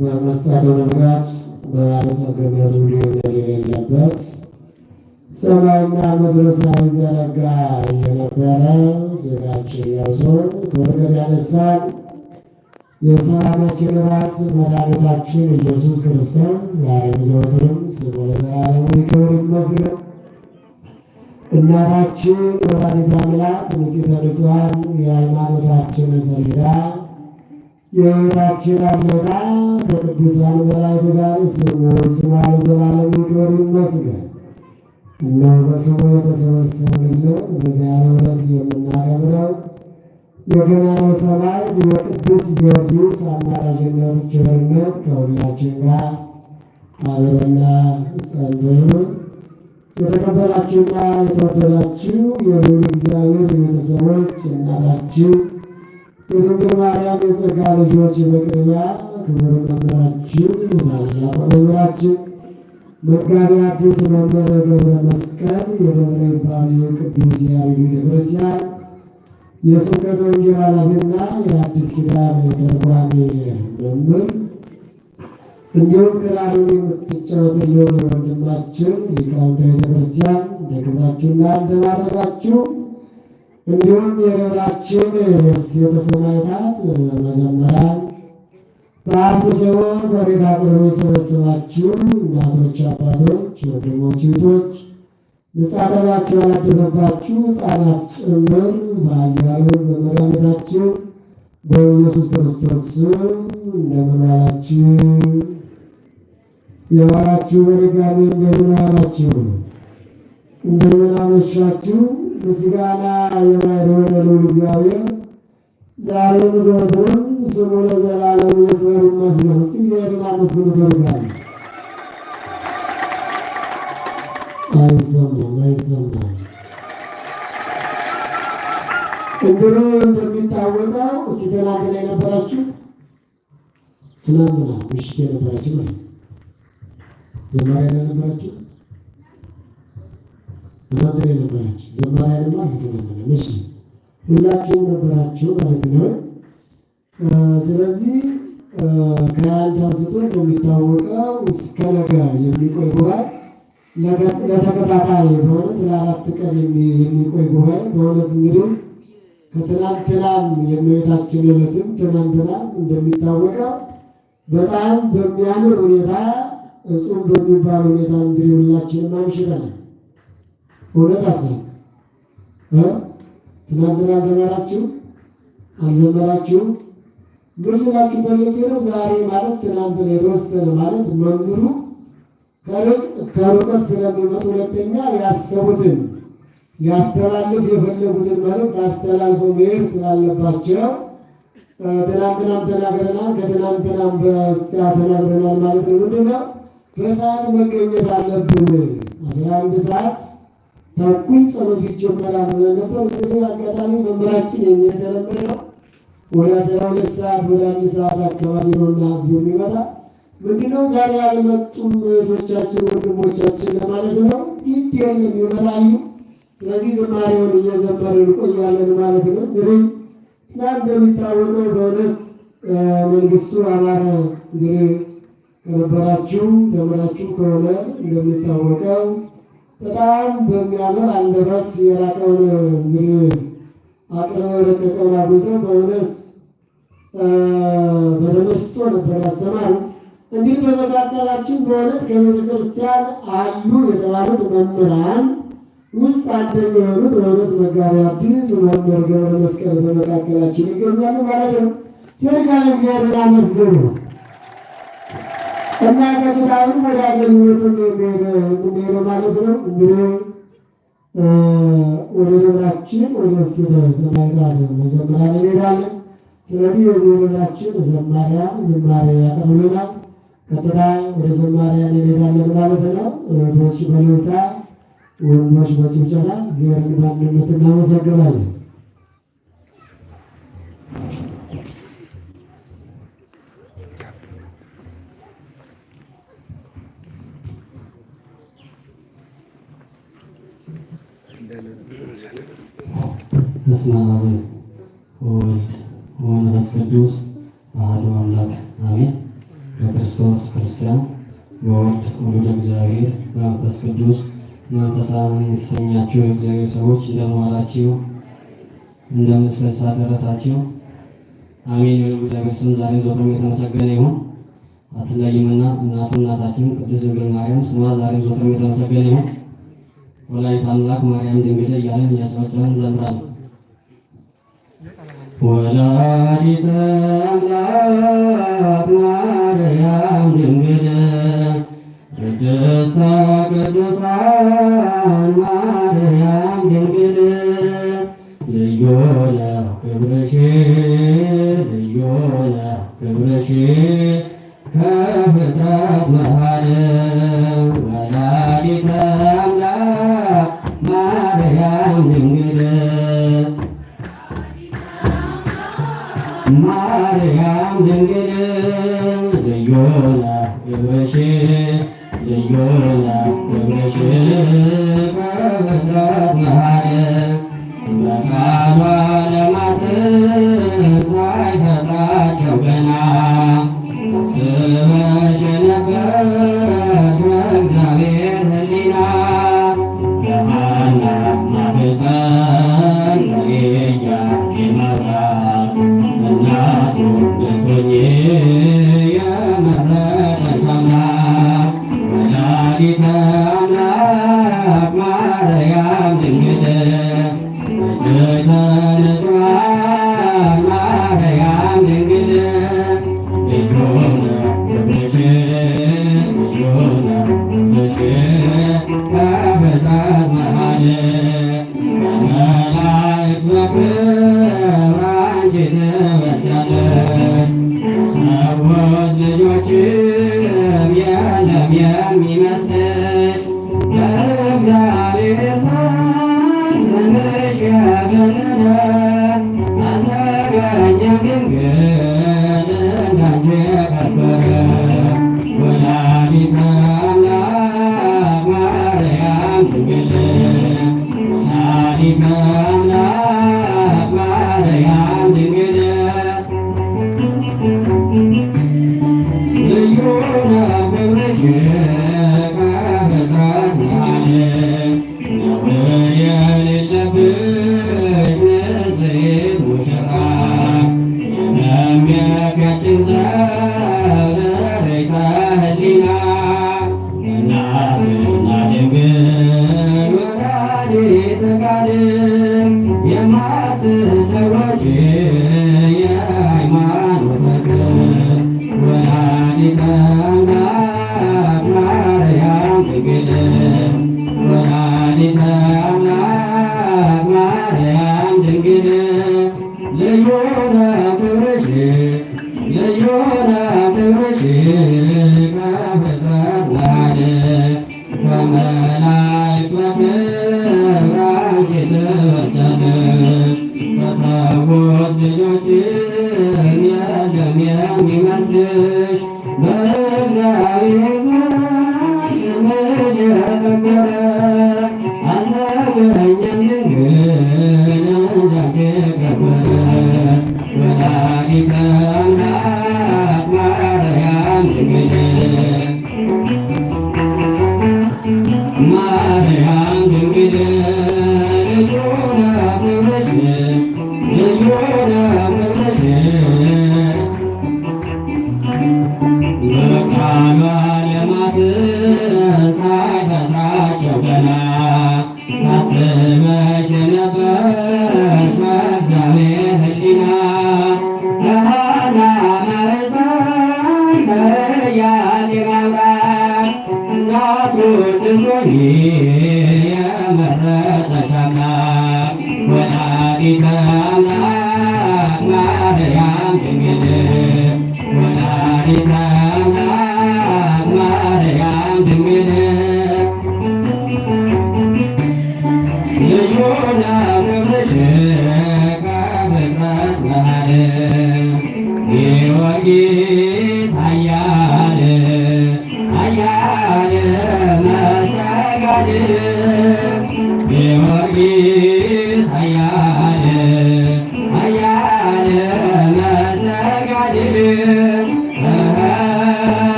በመስጠቱ ንብረት በባለጸግነቱ ሊወደድ የሌለበት ሰማይና ምድር ሳይዘረጋ የነበረ ሥጋችን ለብሶ ከውድቀት ያነሳን የሰላማችን ራስ መድኃኒታችን ኢየሱስ ክርስቶስ ዛሬም ዘወትርም ስሙ ለዘላለሙ ይክበር ይመስገን። እናታችን ወላዲተ አምላክ ንጽሕተ ንጹሐን የሃይማኖታችን ሰሌዳ የእራችን አለቃ ከቅዱሳን መላእክት ጋር ስሙ ስማ ለዘላለም ይክበር ይመስገን። እነሆ በስሙ የተሰበሰብንለት በዛሬው ዕለት የምናከብረው የገናናው ሰማዕት የቅዱስ ጊዮርጊስ አማላጅነት ቸርነት ከሁላችን ጋር አብሮና ጸንቶ የተከበራችሁና የተወደዳችሁ የልዑል እግዚአብሔር ቤተሰቦች እናታችን የድንግል ማርያም የጸጋ ልጆች በቅድሚያ ክብር መምህራችን መምህራችን መጋቢ አዲስ መምህር ገብረ መስቀል የደብረ ይባቤ ቅዱስ ያሬድ ቤተክርስቲያን የስብከተ ወንጌል ኃላፊና የአዲስ ኪዳን ተርጓሚ መምህር እንዲሁም ክራሩን የምትጫወትልን ወንድማችን ሊቃውንተ ቤተክርስቲያን እንደክብራችሁና እንደማድረጋችሁ እንዲሁም የደብራችን ቤተ ሰማዕታት መዘምራን በአንድ ሰሞን በሬት አቅርቦ የሰበሰባችሁ እናቶች፣ አባቶች፣ ወንድሞች፣ እህቶች ነጻነታችሁ ያላደፈባችሁ ሕፃናት ጭምር በአያሉ በመድኃኒታችን በኢየሱስ ክርስቶስ ስም እንደምን ዋላችሁ? የዋላችሁ በድጋሚ እንደምን ዋላችሁ? እንደምን አመሻችሁ? ምስጋና የማይሆነ ልዑል እግዚአብሔር ዛሬም ዘወትርም ስሙ ለዘላለም ይክበር ይመስገን። እስኪ እግዚአብሔርን አመስግኑ። ይወርዳል አይሰማም፣ አይሰማም። እንግዲህ እንደሚታወቀው እስኪ ትናንትና የነበራችሁ ትናንትና ምሽት የነበራችሁ ማለት ዘመሪያ የነበራችሁ እናንተ ነበራችሁ፣ ዘማሪያንማ አንተ ነበረ። እሺ ሁላችሁም ነበራችሁ ማለት ነው። ስለዚህ ከአንድ አንስቶ እንደሚታወቀው እስከ ነገ የሚቆይ ጉባኤ ለተከታታይ በእውነት ለአራት ቀን የሚቆይ ጉባኤ በእውነት እንግዲህ ከትናንትናም የእመቤታችን ዕለትም ትናንትናም እንደሚታወቀው በጣም በሚያምር ሁኔታ እጹም በሚባል ሁኔታ እንግዲህ ሁላችንም አምሽተናል። እውነት አስራ ትናንትና አልዘመራችሁ አልዘመራችሁም ምን ልላችሁ ፈልጌ ነው። ዛሬ ማለት ትናንትና የተወሰነ ማለት መምህሩ ከሩቀት ስለሚመጡ ሁለተኛ ያሰቡትን ያስተላልፍ የፈለጉትን መልእክት አስተላልፈው መሄድ ስላለባቸው ትናንትናም ተናግረናል፣ ከትናንትናም በስቲያ ተናግረናል ማለት ነው። ምንድነው በሰዓት መገኘት አለብን አስራ አንድ ሰዓት ተኩል ጸሎት ይጀመራል ብለን ነበር። እንግዲህ አጋጣሚ መምህራችን የተለመደው ወደ አስራ ሁለት ሰዓት ወደ አንድ ሰዓት አካባቢ ነውና ህዝቡ የሚመጣ ምንድነው ዛሬ ያልመጡም እህቶቻችን ወንድሞቻችን ለማለት ነው። ግድ የለም ይመጣሉ። ስለዚህ ዝማሬውን እየዘመርን እንቆያለን ማለት ነው። እንግዲህ ትናንት እንደሚታወቀው በእውነት መንግስቱ አማረ እንግዲህ ከነበራችሁ ተምራችሁ ከሆነ እንደሚታወቀው በጣም በሚያምር አንደበት የላቀውን እንግዲህ አቅርበው የረቀቀውን አብልተው በእውነት በተመስጦ ነበር ያስተማሩ። እንግዲህ በመካከላችን በእውነት ከቤተ ክርስቲያን አሉ የተባሉት መምህራን ውስጥ አንደኛ የሆኑት በእውነት መጋቢ አዲስ መምህር ገብረ መስቀል በመካከላችን ይገኛሉ ማለት ነው። ሰርካለ እግዚአብሔር አመስግኑ። እና ከፊታሁን ወደ አገልግሎቱ እንደሄደ ማለት ነው። እንግዲህ ወደ ደብራችን ወደ ሰማይታ መዘምራን እንሄዳለን። ስለዚህ የዚህ ደብራችን ዘማሪያን ዝማሬ ያቀርብልናል። ቀጥታ ወደ ዘማሪያን እንሄዳለን ማለት ነው። እህቶች በእልልታ ወንዶች በጭብጨባ እግዚአብሔርን በአንድነት እናመሰግናለን። በስመ አብ ወወልድ ወመንፈስ ቅዱስ አሐዱ አምላክ አሜን። በክርስቶስ ክርስቲያን በወልድ ወልደ እግዚአብሔር በመንፈስ ቅዱስ መንፈሳዊ የተሰኛችሁ የእግዚአብሔር ሰዎች እንደመዋላችሁ እንደምስለሳ ደረሳችሁ። አሜን። ወደ እግዚአብሔር ስም ዛሬ ዘወትር የተመሰገነ ይሁን። አትለይምና እናቱ እናታችን ቅድስት ድንግል ማርያም ስሟ ዛሬ ዘወትር የተመሰገነ ይሁን። ወላዲተ አምላክ ማርያም ድንግል እያለን እያጨበጨበን ዘምራለን። ወላዲተ አምላክ ማርያም ድንግል ቅድስተ ቅዱሳን ማርያም ድንግል ልዩ ነው ክብርሽ ልዩ ነው ክብርሽ Happy birthday.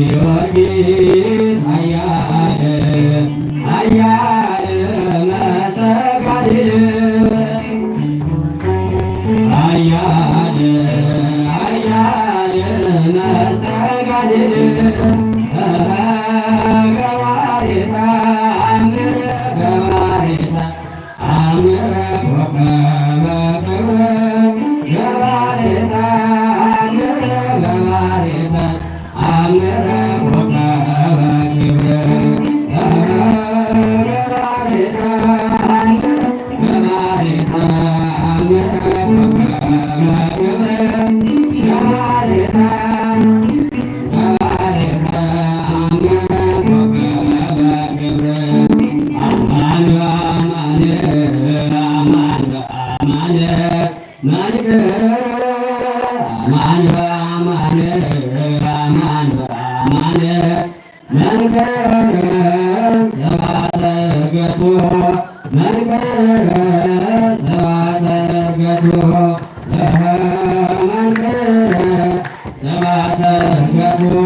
ಇರುವಗೆ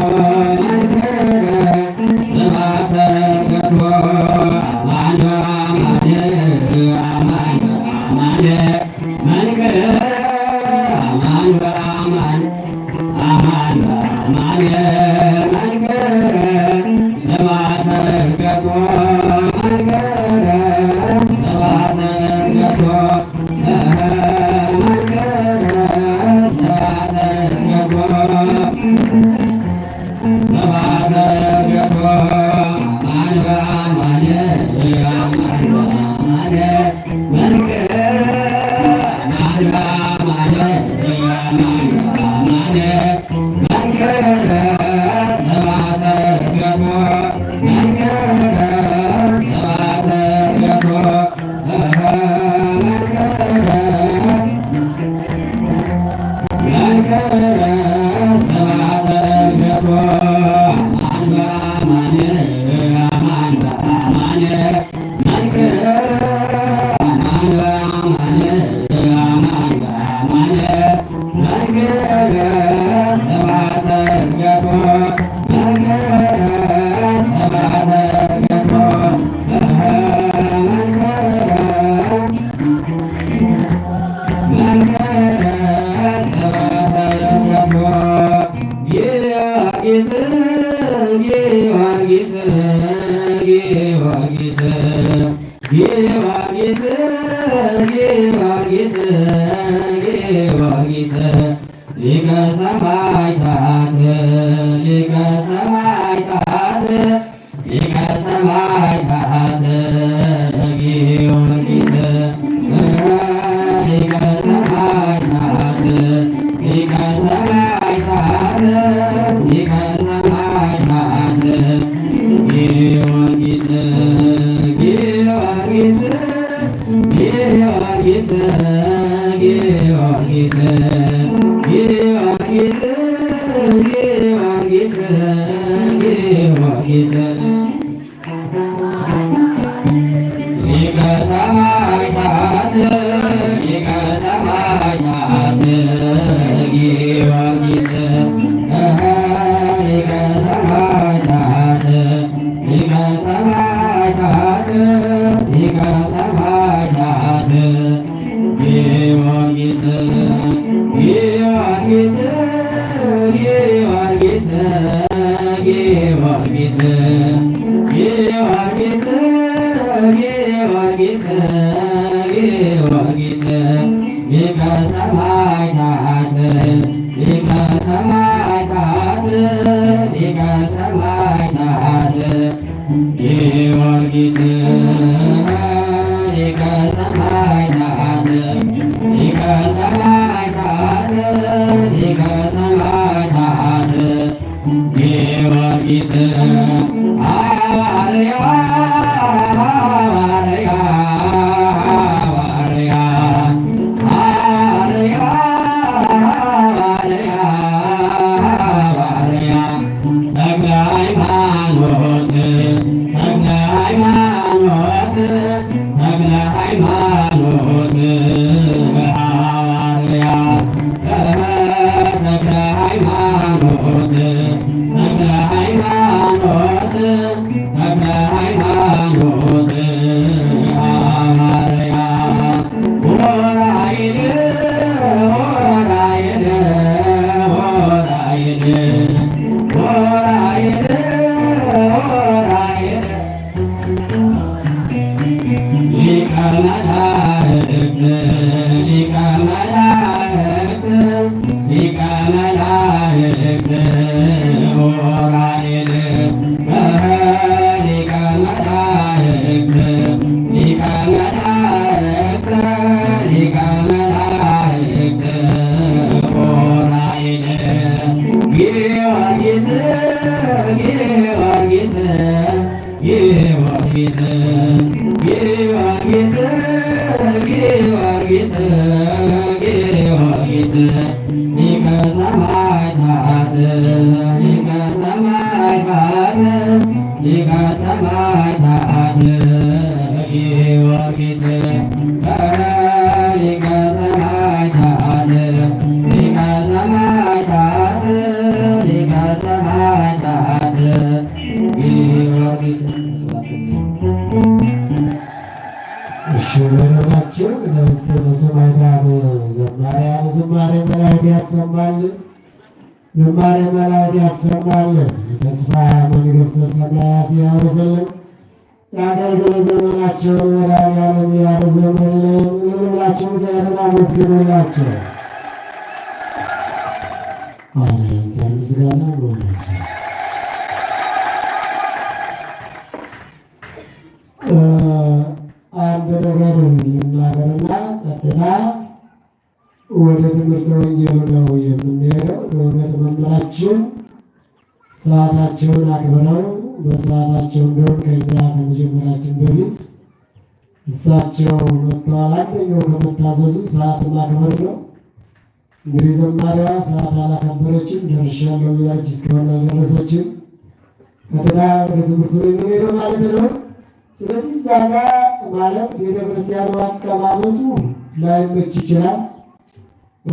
Thank you. عليك Bye. 哎，哪有针？በረከታቸው ለምስር በሰማዕታት ዘማሪያን ዝማሬ መላእክት ያሰማልን፣ ዝማሬ መላእክት ያሰማልን፣ ተስፋ መንግሥተ ሰማያት ያወርስልን፣ የአገልግሎት ዘመናቸውን መድኃኔዓለም ያርዝምልን። ልብላቸው እግዚአብሔርን አመስግኑላቸው። ምስጋና ሆናቸው አንድ ነገር ልናገርና ቀጥታ ወደ ትምህርት ወንጌሉ ነው የምንሄደው። በእውነት መምህራችን ሰዓታቸውን አክብረው በሰዓታቸው እንደሆን ከኛ ከመጀመራችን በፊት እሳቸው መጥተዋል። አንደኛው ከመታዘዙ ሰዓት ማክበር ነው። እንግዲህ ዘማሪዋ ሰዓት አላከበረችም፣ ደርሻለሁ እያለች እስካሁን አልደረሰችም። ቀጥታ ወደ ትምህርቱ የምንሄደው ማለት ነው። ስለዚህ እዛ ጋር ማለት ቤተክርስቲያኑ አቀማመጡ ላይመች ይችላል።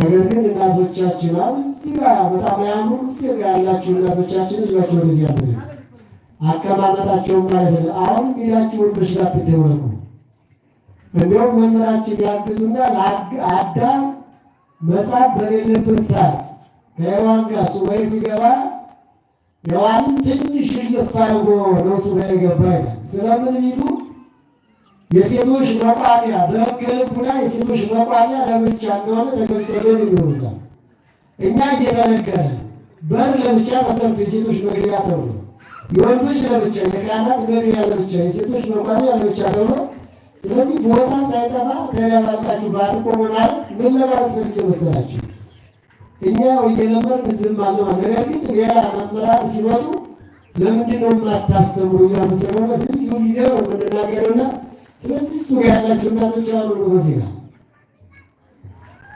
ነገር ግን እናቶቻችን እዚህ ጋ በጣም ያምሩ ስር ያላችሁ እናቶቻችን እጃቸው ወደዚህ ያለ አቀማመጣቸውን ማለት ነው። አሁን ሚዳችሁ ወንዶች ጋር ትደውለቁ እንዲሁም መምህራችን ያግዙና ለአዳም መጽሐፍ በሌለበት ሰዓት ከሔዋን ጋር ሱባኤ ሲገባ የዋልን ትንሽ ልየት አድርጎ ነፍሱ ላይ ገባ ይላል። ስለምን ሊሉ የሴቶች መቋሚያ በሕገ ልቡና የሴቶች መቋሚያ ለብቻ እንደሆነ ተገልጾልን ይሆንዛል። እኛ እየተነገረ በር ለብቻ ተሰርቶ የሴቶች መግቢያ ተብሎ፣ የወንዶች ለብቻ፣ የካህናት መግቢያ ለብቻ፣ የሴቶች መቋሚያ ለብቻ ተብሎ ስለዚህ ቦታ ሳይጠፋ ተደባልቃችሁ ባትቆሙ ማለት ምን ለማለት ፈልጌ መሰላችሁ? እኛ እየለመድን ዝም አለ። ነገር ግን ሌላ መምህራን ሲመጡ ለምንድን ነው የማታስተምሩ እያሉ ስለሆነ ስንት ጊዜ ነው የምንናገርና ስለዚህ እሱ ጋር ያላችሁ እናቶች ነው በዚህ ጋር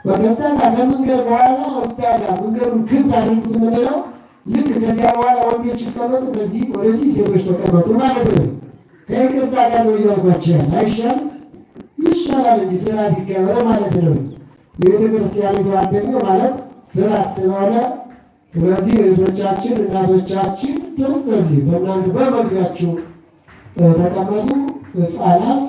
በገዛ ጋር ከመንገድ በኋላ እዛ ጋር መንገዱን ክፍት አድርጉት የምንለው ልክ ከዚያ በኋላ ወንዶች ይቀመጡ፣ በዚህ ወደዚህ ሴቶች ተቀመጡ ማለት ነው። ከይቅርታ ጋር ነው እያልኳቸው ያለ አይሻል ይሻላል እንጂ ስርዓት ማለት ነው። የቤተክርስቲያኒቱ አንደኛው ማለት ስራ ስለሆነ ስለዚህ እህቶቻችን እናቶቻችን ደስ በዚህ በእናንተ በመግቢያችሁ ተቀመጡ። ህፃናት